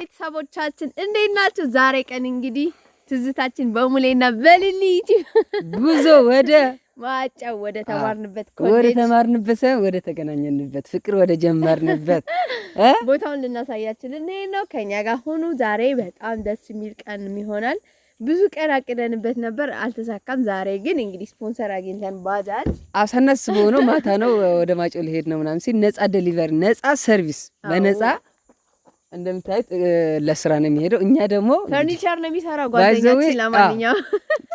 ቤተሰቦቻችን እንዴት ናችሁ? ዛሬ ቀን እንግዲህ ትዝታችን በሙሌና በልሊት ጉዞ ወደ ማጫ ወደ ተማርንበት ኮሌጅ ወደ ተማርንበት ወደ ተገናኘንበት ፍቅር ወደ ጀመርንበት ቦታውን ልናሳያችን ልንሄድ ነው። ከኛ ጋር ሆኑ። ዛሬ በጣም ደስ የሚል ቀን ይሆናል። ብዙ ቀን አቅደንበት ነበር፣ አልተሳካም። ዛሬ ግን እንግዲህ ስፖንሰር አግኝተን ባጃጅ አሳናስ በሆነው ማታ ነው ወደ ማጮ ሊሄድ ነው ምናምን ሲል ነጻ ዴሊቨሪ ነጻ ሰርቪስ በነጻ እንደምታዩት ለስራ ነው የሚሄደው። እኛ ደግሞ ፈርኒቸር ነው የሚሰራው ጓደኛችን። ለማንኛውም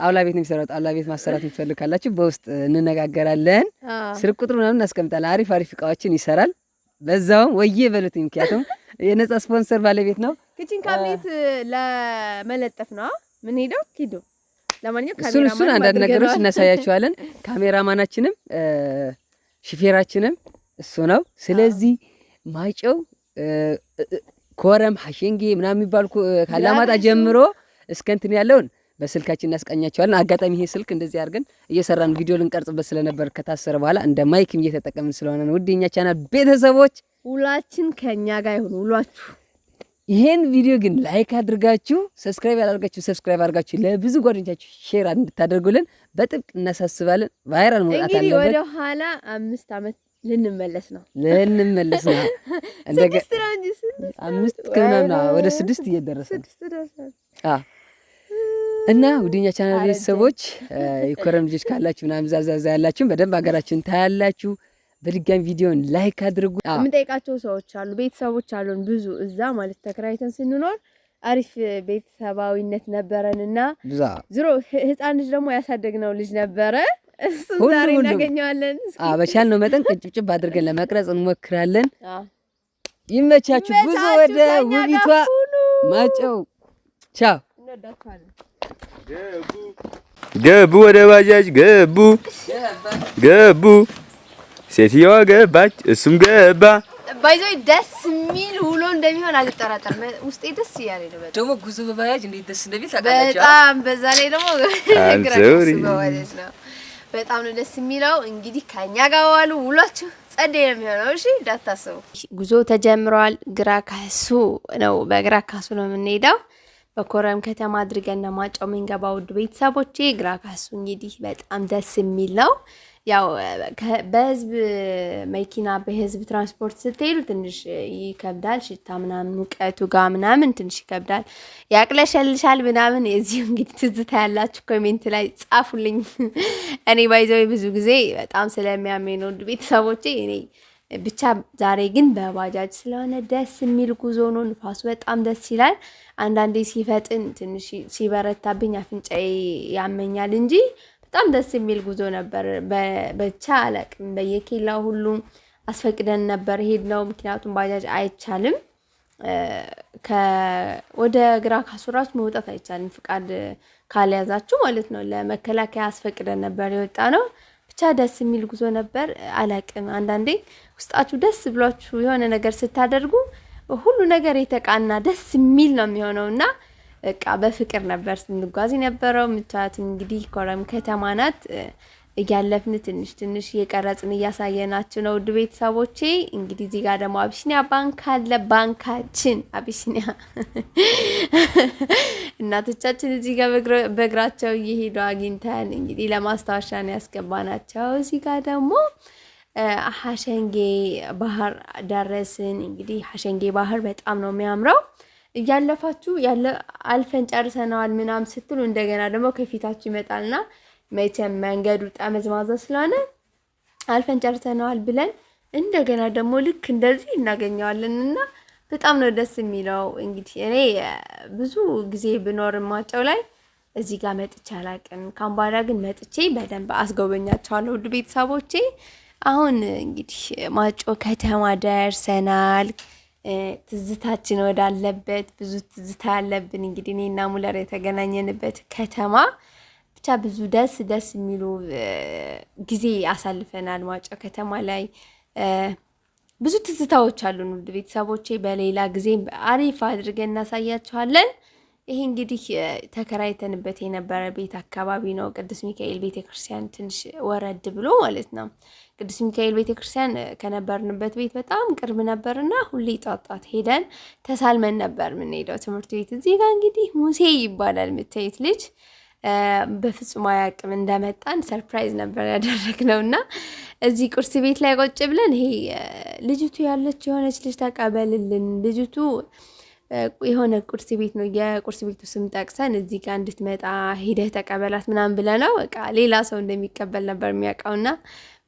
ጣውላ ቤት ነው የሚሰራው። ጣውላ ቤት ማሰራት የምትፈልግ ካላችሁ በውስጥ እንነጋገራለን። ስልክ ቁጥሩ ምናምን እናስቀምጣለን። አሪፍ አሪፍ እቃዎችን ይሰራል። በዛውም ወዬ በሉት፣ ምክንያቱም የነጻ ስፖንሰር ባለቤት ነው። ክችን ካቤት ለመለጠፍ ነው ምን ሄደው ኪዶ። ለማንኛውም እሱን እሱን አንዳንድ ነገሮች እናሳያቸዋለን። ካሜራማናችንም ሽፌራችንም እሱ ነው። ስለዚህ ማጨው ኮረም ሐሸንጌ ምናምን የሚባል ካላማጣ ጀምሮ እስከ እንትን ያለውን በስልካችን እናስቃኛቸዋለን። አጋጣሚ ይሄ ስልክ እንደዚህ አድርገን እየሰራን ቪዲዮ ልንቀርጽበት ስለነበር ከታሰረ በኋላ እንደ ማይክም እየተጠቀምን ስለሆነ ነው። ውድ የኛ ቻናል ቤተሰቦች ውሏችን ከእኛ ጋር ይሁን ውሏችሁ። ይሄን ቪዲዮ ግን ላይክ አድርጋችሁ ሰብስክራይብ ያላደርጋችሁ ሰብስክራይብ አድርጋችሁ ለብዙ ጓደኞቻችሁ ሼር እንድታደርጉልን በጥብቅ እናሳስባለን። ቫይራል መውጣት አለበት። እንግዲህ ወደኋላ አምስት ዓመት ልንመለስ ነው ልንመለስ ነው። ስድስት ነው እንጂ አምስት ከምናምን ወደ ስድስት እየደረሰ እና ውድኛ ቻናል ቤተሰቦች የኮረም ልጆች ካላችሁ ምናምን ዛዛዛ ያላችሁ በደንብ ሀገራችን ታያላችሁ። በድጋሚ ቪዲዮን ላይክ አድርጉ። የምንጠይቃቸው ሰዎች አሉ፣ ቤተሰቦች አሉን ብዙ እዛ ማለት ተከራይተን ስንኖር አሪፍ ቤተሰባዊነት ነበረን እና ዝሮ ህፃን ልጅ ደግሞ ያሳደግነው ልጅ ነበረ እሱም ዛሬ እናገኘዋለን። በቻልነው መጠን ቅጭብጭብ አድርገን ለመቅረጽ እንሞክራለን። ይመቻችሁ። ጉዞ ወደ ውቢቷ ማጨው። ቻው። ገቡ፣ ወደ ባጃጅ ገቡ፣ ገቡ። ሴትየዋ ገባች፣ እሱም ገባ። ባይዘይ ደስ የሚል ውሎ እንደሚሆን አልጠራጠርም። ውስጤ ደስ እያለ ነው። ደግሞ ጉዞ በባጃጅ እንዴት ደስ እንደሚል ታውቃላችሁ። በጣም በዛ ላይ ደግሞ ነው። በጣም ነው ደስ የሚለው። እንግዲህ ከኛ ጋር ዋሉ ውሏችሁ ጸደይ ነው የሚሆነው። እሺ እንዳታስቡ። ጉዞ ተጀምሯል። ግራ ካሱ ነው፣ በግራ ካሱ ነው የምንሄደው። በኮረም ከተማ አድርገን ለማጫው ማጫው ውድ ቤተሰቦቼ ግራ ካሱ እንግዲህ በጣም ደስ የሚል ነው። ያው በህዝብ መኪና በህዝብ ትራንስፖርት ስትሄዱ ትንሽ ይከብዳል። ሽታ ምናምን ሙቀቱ ጋ ምናምን ትንሽ ይከብዳል፣ ያቅለሸልሻል ምናምን። የዚሁ እንግዲህ ትዝታ ያላችሁ ኮሜንት ላይ ጻፉልኝ። እኔ ባይዘዌ ብዙ ጊዜ በጣም ስለሚያሜን ውድ ቤተሰቦቼ እኔ ብቻ ዛሬ ግን በባጃጅ ስለሆነ ደስ የሚል ጉዞ ነው። ንፋሱ በጣም ደስ ይላል። አንዳንዴ ሲፈጥን ትንሽ ሲበረታብኝ አፍንጫዬ ያመኛል እንጂ በጣም ደስ የሚል ጉዞ ነበር። ብቻ አላቅም በየኬላው ሁሉም አስፈቅደን ነበር ሄድ ነው። ምክንያቱም ባጃጅ አይቻልም። ወደ ግራ ካሱራች መውጣት አይቻልም፣ ፍቃድ ካልያዛችሁ ማለት ነው። ለመከላከያ አስፈቅደን ነበር የወጣ ነው። ብቻ ደስ የሚል ጉዞ ነበር። አላቅም አንዳንዴ ውስጣችሁ ደስ ብሏችሁ የሆነ ነገር ስታደርጉ ሁሉ ነገር የተቃና ደስ የሚል ነው የሚሆነው እና በቃ በፍቅር ነበር ስንጓዝ የነበረው። ምቻት እንግዲህ ኮረም ከተማ ናት። እያለፍን ትንሽ ትንሽ እየቀረጽን እያሳየናችሁ ነው ውድ ቤተሰቦቼ። እንግዲህ እዚህ ጋር ደግሞ አቢሲኒያ ባንክ አለ። ባንካችን አቢሲኒያ እናቶቻችን እዚህ ጋር በእግራቸው እየሄዱ አግኝተን እንግዲህ ለማስታወሻ ነው ያስገባናቸው። እዚህ ጋር ደግሞ ሀሸንጌ ባህር ደረስን። እንግዲህ ሀሸንጌ ባህር በጣም ነው የሚያምረው። እያለፋችሁ ያለ አልፈን ጨርሰነዋል ምናምን ስትሉ እንደገና ደግሞ ከፊታችሁ ይመጣልና መቼም መንገዱ ጠመዝማዛ ስለሆነ አልፈን ጨርሰነዋል ብለን እንደገና ደግሞ ልክ እንደዚህ እናገኘዋለን እና በጣም ነው ደስ የሚለው። እንግዲህ እኔ ብዙ ጊዜ ብኖር ማጨው ላይ እዚህ ጋር መጥቼ አላቅም። ካምባላ ግን መጥቼ በደንብ አስጎበኛቸዋለሁ። ውድ ቤተሰቦቼ አሁን እንግዲህ ማጮ ከተማ ደርሰናል። ትዝታችን ወዳለበት ብዙ ትዝታ ያለብን እንግዲህ እኔና ሙለር የተገናኘንበት ከተማ ብቻ ብዙ ደስ ደስ የሚሉ ጊዜ አሳልፈናል። ማጫው ከተማ ላይ ብዙ ትዝታዎች አሉን። ውድ ቤተሰቦቼ በሌላ ጊዜ አሪፍ አድርገን እናሳያችኋለን። ይሄ እንግዲህ ተከራይተንበት የነበረ ቤት አካባቢ ነው። ቅዱስ ሚካኤል ቤተክርስቲያን ትንሽ ወረድ ብሎ ማለት ነው። ቅዱስ ሚካኤል ቤተክርስቲያን ከነበርንበት ቤት በጣም ቅርብ ነበርና ሁሌ ጣጣት ሄደን ተሳልመን ነበር የምንሄደው ትምህርት ቤት። እዚህ ጋር እንግዲህ ሙሴ ይባላል የምታዩት ልጅ በፍጹም አያውቅም። እንደመጣን ሰርፕራይዝ ነበር ያደረግነው እና እዚህ ቁርስ ቤት ላይ ቆጭ ብለን ይሄ ልጅቱ ያለች የሆነች ልጅ ተቀበልልን ልጅቱ የሆነ ቁርስ ቤት ነው የቁርስ ቤቱ ስም ጠቅሰን እዚህ ጋር እንድትመጣ ሂደህ ተቀበላት ምናምን ብለነው በቃ ሌላ ሰው እንደሚቀበል ነበር የሚያውቀውና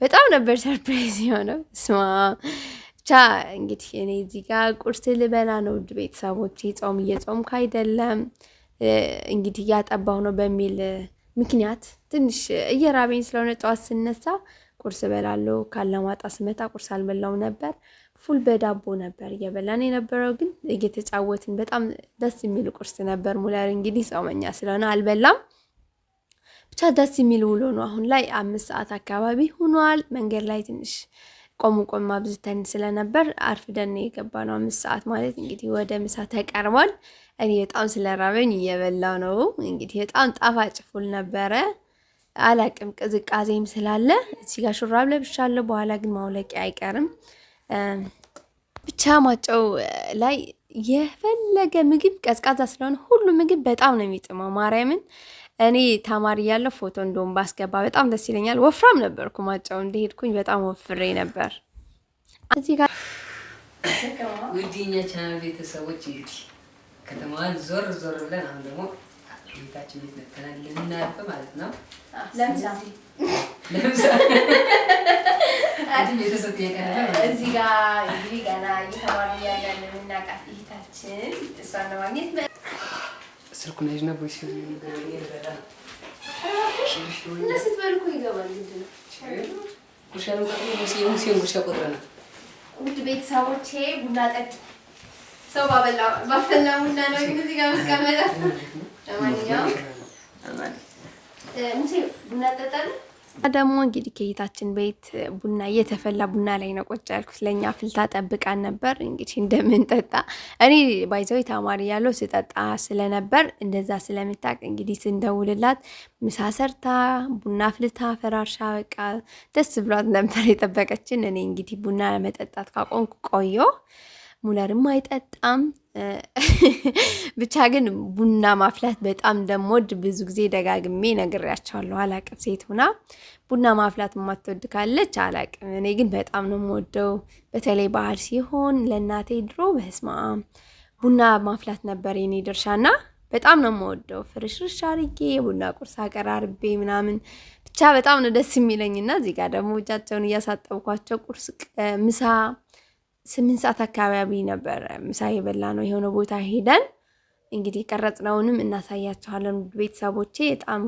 በጣም ነበር ሰርፕራይዝ የሆነው። ስማ ብቻ እንግዲህ እኔ እዚህ ጋር ቁርስ ልበላ ነው ውድ ቤተሰቦች፣ ጾም እየጾምኩ አይደለም እንግዲህ እያጠባሁ ነው በሚል ምክንያት ትንሽ እየራበኝ ስለሆነ ጠዋት ስነሳ ቁርስ እበላለሁ። ካለማጣ ስመጣ ቁርስ አልበላው ነበር። ፉል በዳቦ ነበር እየበላን የነበረው፣ ግን እየተጫወትን በጣም ደስ የሚል ቁርስ ነበር። ሙለር እንግዲህ ጾመኛ ስለሆነ አልበላም። ብቻ ደስ የሚል ውሎ ነው። አሁን ላይ አምስት ሰዓት አካባቢ ሆኗል። መንገድ ላይ ትንሽ ቆሙ ቆም አብዝተን ስለነበር አርፍደን የገባ ነው። አምስት ሰዓት ማለት እንግዲህ ወደ ምሳ ተቀርቧል። እኔ በጣም ስለራበኝ እየበላው ነው። እንግዲህ በጣም ጣፋጭ ፉል ነበረ። አላቅም ቅዝቃዜም ስላለ እዚህ ጋር ሹራብ ለብሻለሁ። በኋላ ግን ማውለቂ አይቀርም። ብቻ ማጨው ላይ የፈለገ ምግብ ቀዝቃዛ ስለሆነ ሁሉ ምግብ በጣም ነው የሚጥመው ማርያምን እኔ ተማሪ ያለው ፎቶ እንደውም ባስገባ በጣም ደስ ይለኛል። ወፍራም ነበርኩ፣ ማጫው እንደሄድኩኝ በጣም ወፍሬ ነበር። እዚህ ጋር ውድኛ ቻናል ቤተሰቦች እንግዲህ ከተማዋን ዞር ዞር ብለን አሁን ደግሞ ቤታችን ቤት መተናል ልናልፍ ማለት ነው። ለምሳ እዚህ ጋር እንግዲህ ገና እየተማሪ ያለን የምናውቃት እህታችን እሷን ለማግኘት ስልኩን ያዥና ቦይስ ጉርሻ ቆጥረናል። ውድ ቤተሰቦቼ ቡና ጠጥ ሰው ባፈላ ቡና ነው እዚህ ጋር መስቀመጠ። ለማንኛውም ሙሴ ቡና ጠጣለን። ደግሞ እንግዲህ ከጌታችን ቤት ቡና እየተፈላ ቡና ላይ ነው ቆጭ ያልኩት። ለእኛ ፍልታ ጠብቃን ነበር እንግዲህ እንደምንጠጣ። እኔ ባይዘዊ ተማሪ ያለው ስጠጣ ስለነበር እንደዛ ስለምታቅ እንግዲህ ስንደውልላት ምሳ ሰርታ ቡና ፍልታ ፈራርሻ በቃ ደስ ብሏት ነበር የጠበቀችን። እኔ እንግዲህ ቡና ለመጠጣት ካቆንኩ ቆየሁ። ሙለርም አይጠጣም ብቻ ግን ቡና ማፍላት በጣም እንደምወድ ብዙ ጊዜ ደጋግሜ ነግሬያቸዋለሁ። አላቅም ሴት ሆና ቡና ማፍላት የማትወድ ካለች አላቅም። እኔ ግን በጣም ነው የምወደው። በተለይ በዓል ሲሆን ለእናቴ ድሮ በስማ ቡና ማፍላት ነበር የኔ ድርሻና በጣም ነው የምወደው። ፍርሽርሽ አርጌ የቡና ቁርስ አቀራርቤ ምናምን ብቻ በጣም ነው ደስ የሚለኝና እዚህ ጋር ደግሞ እጃቸውን እያሳጠብኳቸው ቁርስ ምሳ ስምንት ሰዓት አካባቢ ነበር ምሳ የበላ ነው የሆነ ቦታ ሄደን እንግዲህ ቀረጽነውንም እናሳያችኋለን። ቤተሰቦቼ በጣም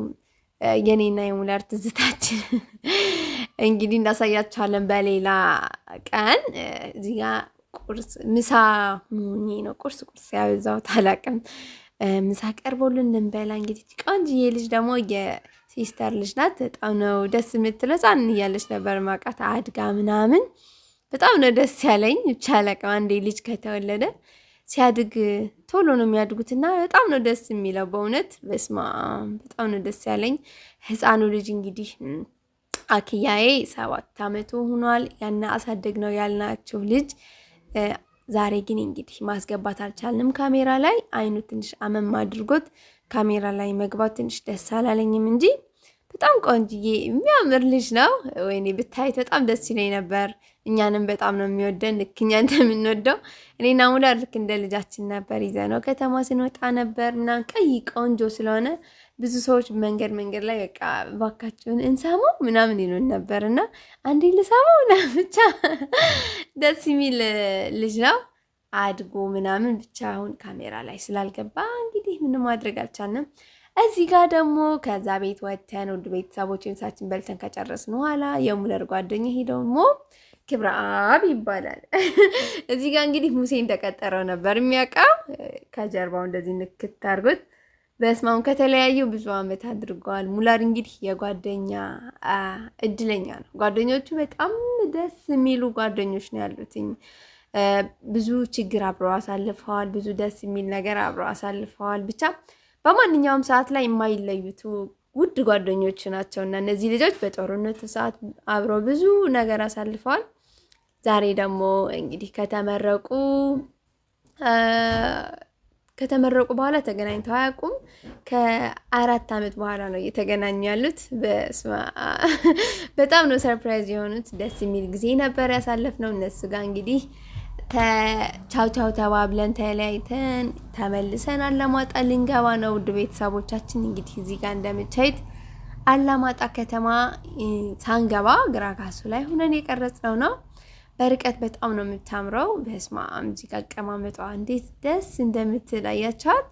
የኔና የሙላር ትዝታችን እንግዲህ እናሳያችኋለን በሌላ ቀን። እዚጋ ቁርስ ምሳ ሙኝ ነው ቁርስ ቁርስ ያበዛሁት አላቅም። ምሳ ቀርቦልን ልንበላ እንግዲህ ቆንጅዬ ልጅ ደግሞ የሲስተር ልጅ ናት። በጣም ነው ደስ የምትለው። ጻን እያለች ነበር ማቃት አድጋ ምናምን በጣም ነው ደስ ያለኝ። ብቻ አንዴ ልጅ ከተወለደ ሲያድግ ቶሎ ነው የሚያድጉትና በጣም ነው ደስ የሚለው በእውነት በስማ በጣም ነው ደስ ያለኝ። ህፃኑ ልጅ እንግዲህ አክያዬ ሰባት አመቱ ሆኗል። ያና አሳደግ ነው ያልናችሁ ልጅ ዛሬ ግን እንግዲህ ማስገባት አልቻልንም ካሜራ ላይ። አይኑ ትንሽ አመም አድርጎት ካሜራ ላይ መግባት ትንሽ ደስ አላለኝም እንጂ በጣም ቆንጅዬ የሚያምር ልጅ ነው። ወይኔ ብታይት በጣም ደስ ይለኝ ነበር። እኛንም በጣም ነው የሚወደን ልክ እኛ እንደምንወደው እኔና ሙላ ልክ እንደ ልጃችን ነበር። ይዘ ነው ከተማ ስንወጣ ነበር እና ቀይ ቆንጆ ስለሆነ ብዙ ሰዎች መንገድ መንገድ ላይ በቃ ባካችሁን እንሰማው ምናምን ይሉን ነበር እና አንዴ ልሰማው ና ብቻ ደስ የሚል ልጅ ነው። አድጎ ምናምን ብቻ አሁን ካሜራ ላይ ስላልገባ እንግዲህ ምንም ማድረግ አልቻልንም። እዚህ ጋር ደግሞ ከዛ ቤት ወተን ውድ ቤተሰቦች ምሳችን በልተን ከጨረስን በኋላ የሙለር ጓደኛዬ ደግሞ ክብረአብ ይባላል። እዚህ ጋር እንግዲህ ሙሴ እንደቀጠረው ነበር የሚያውቀው ከጀርባው እንደዚህ ንክት አድርጎት በስማውን ከተለያዩ ብዙ አመት አድርገዋል። ሙላር እንግዲህ የጓደኛ እድለኛ ነው። ጓደኞቹ በጣም ደስ የሚሉ ጓደኞች ነው ያሉትኝ። ብዙ ችግር አብረው አሳልፈዋል። ብዙ ደስ የሚል ነገር አብረው አሳልፈዋል። ብቻ በማንኛውም ሰዓት ላይ የማይለዩት ውድ ጓደኞች ናቸው እና እነዚህ ልጆች በጦርነቱ ሰዓት አብረው ብዙ ነገር አሳልፈዋል። ዛሬ ደግሞ እንግዲህ ከተመረቁ ከተመረቁ በኋላ ተገናኝተው አያውቁም። ከአራት ዓመት በኋላ ነው እየተገናኙ ያሉት። በጣም ነው ሰርፕራይዝ የሆኑት። ደስ የሚል ጊዜ ነበር ያሳለፍ ነው እነሱ ጋር እንግዲህ ቻው ቻው ተባብለን ተለያይተን ተመልሰን አላማጣ ልንገባ ነው። ውድ ቤተሰቦቻችን እንግዲህ እዚህ ጋር እንደምታዩት አላማጣ ከተማ ሳንገባ ግራ ካሱ ላይ ሆነን የቀረጽነው ነው። በርቀት በጣም ነው የምታምረው። በስማ እዚህ ጋር አቀማመጧ እንዴት ደስ እንደምትል አያችኋት።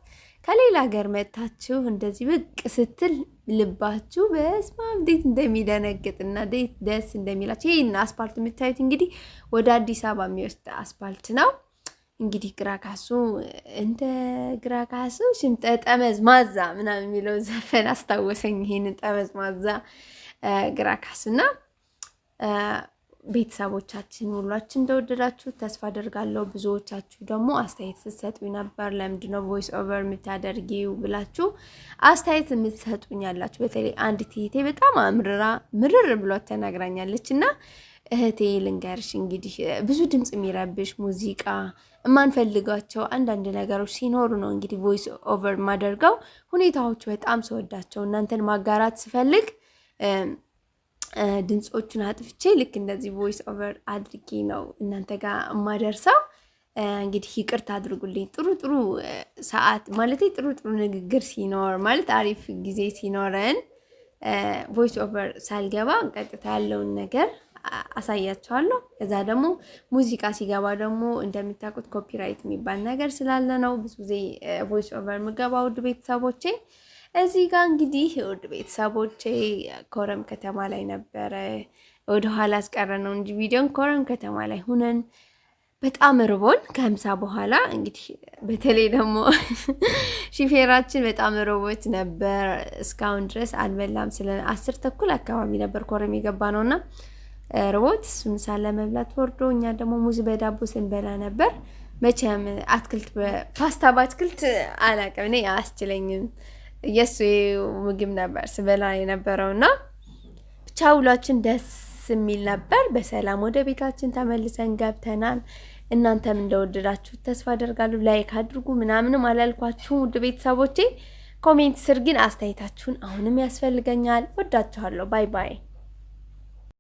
ከሌላ ሀገር መጥታችሁ እንደዚህ ብቅ ስትል ልባችሁ በስመ አብ እንዴት እና እንዴት ደስ እንደሚላችሁ። ይህን አስፓልት የምታዩት እንግዲህ ወደ አዲስ አበባ የሚወስድ አስፓልት ነው። እንግዲህ ግራካሱ እንደ ግራካሱ ሽምጠ ጠመዝ ማዛ ምናምን የሚለው ዘፈን አስታወሰኝ። ይህንን ጠመዝ ማዛ ግራካሱና ቤተሰቦቻችን ሁሏችን እንደወደዳችሁ ተስፋ አደርጋለሁ። ብዙዎቻችሁ ደግሞ አስተያየት ስትሰጡኝ ነበር። ለምንድነው ቮይስ ኦቨር የምታደርጊው ብላችሁ አስተያየት የምትሰጡኝ ያላችሁ፣ በተለይ አንድ እህቴ በጣም አምርራ ምርር ብሏት ተናግራኛለች። እና እህቴ ልንገርሽ እንግዲህ ብዙ ድምፅ የሚረብሽ ሙዚቃ የማንፈልጋቸው አንዳንድ ነገሮች ሲኖሩ ነው እንግዲህ ቮይስ ኦቨር የማደርገው ሁኔታዎች በጣም ስወዳቸው እናንተን ማጋራት ስፈልግ ድምፆቹን አጥፍቼ ልክ እንደዚህ ቮይስ ኦቨር አድርጌ ነው እናንተ ጋር የማደርሰው። እንግዲህ ይቅርታ አድርጉልኝ። ጥሩ ጥሩ ሰዓት ማለት ጥሩ ጥሩ ንግግር ሲኖር ማለት አሪፍ ጊዜ ሲኖረን ቮይስ ኦቨር ሳልገባ ቀጥታ ያለውን ነገር አሳያቸዋለሁ። ከዛ ደግሞ ሙዚቃ ሲገባ ደግሞ እንደሚታውቁት ኮፒራይት የሚባል ነገር ስላለ ነው ብዙ ጊዜ ቮይስ ኦቨር የምገባ ውድ ቤተሰቦቼ እዚህ ጋር እንግዲህ ውድ ቤተሰቦቼ ኮረም ከተማ ላይ ነበረ ወደ ኋላ አስቀረ ነው እንጂ ቪዲዮን ኮረም ከተማ ላይ ሁነን በጣም ርቦን ከምሳ በኋላ እንግዲህ በተለይ ደግሞ ሺፌራችን በጣም ርቦት ነበር። እስካሁን ድረስ አልበላም። ስለ አስር ተኩል አካባቢ ነበር ኮረም የገባ ነው እና ርቦት እሱ ምሳ ለመብላት ወርዶ እኛ ደግሞ ሙዝ በዳቦ ስንበላ ነበር። መቼም አትክልት ፓስታ በአትክልት አላውቅም እኔ አያስችለኝም። የእሱ ምግብ ነበር ስበላ የነበረው እና ብቻ ውሏችን ደስ የሚል ነበር። በሰላም ወደ ቤታችን ተመልሰን ገብተናል። እናንተም እንደወደዳችሁ ተስፋ አደርጋለሁ። ላይክ አድርጉ ምናምንም አላልኳችሁም ውድ ቤተሰቦቼ። ኮሜንት ስር ግን አስተያየታችሁን አሁንም ያስፈልገኛል። ወዳችኋለሁ። ባይ ባይ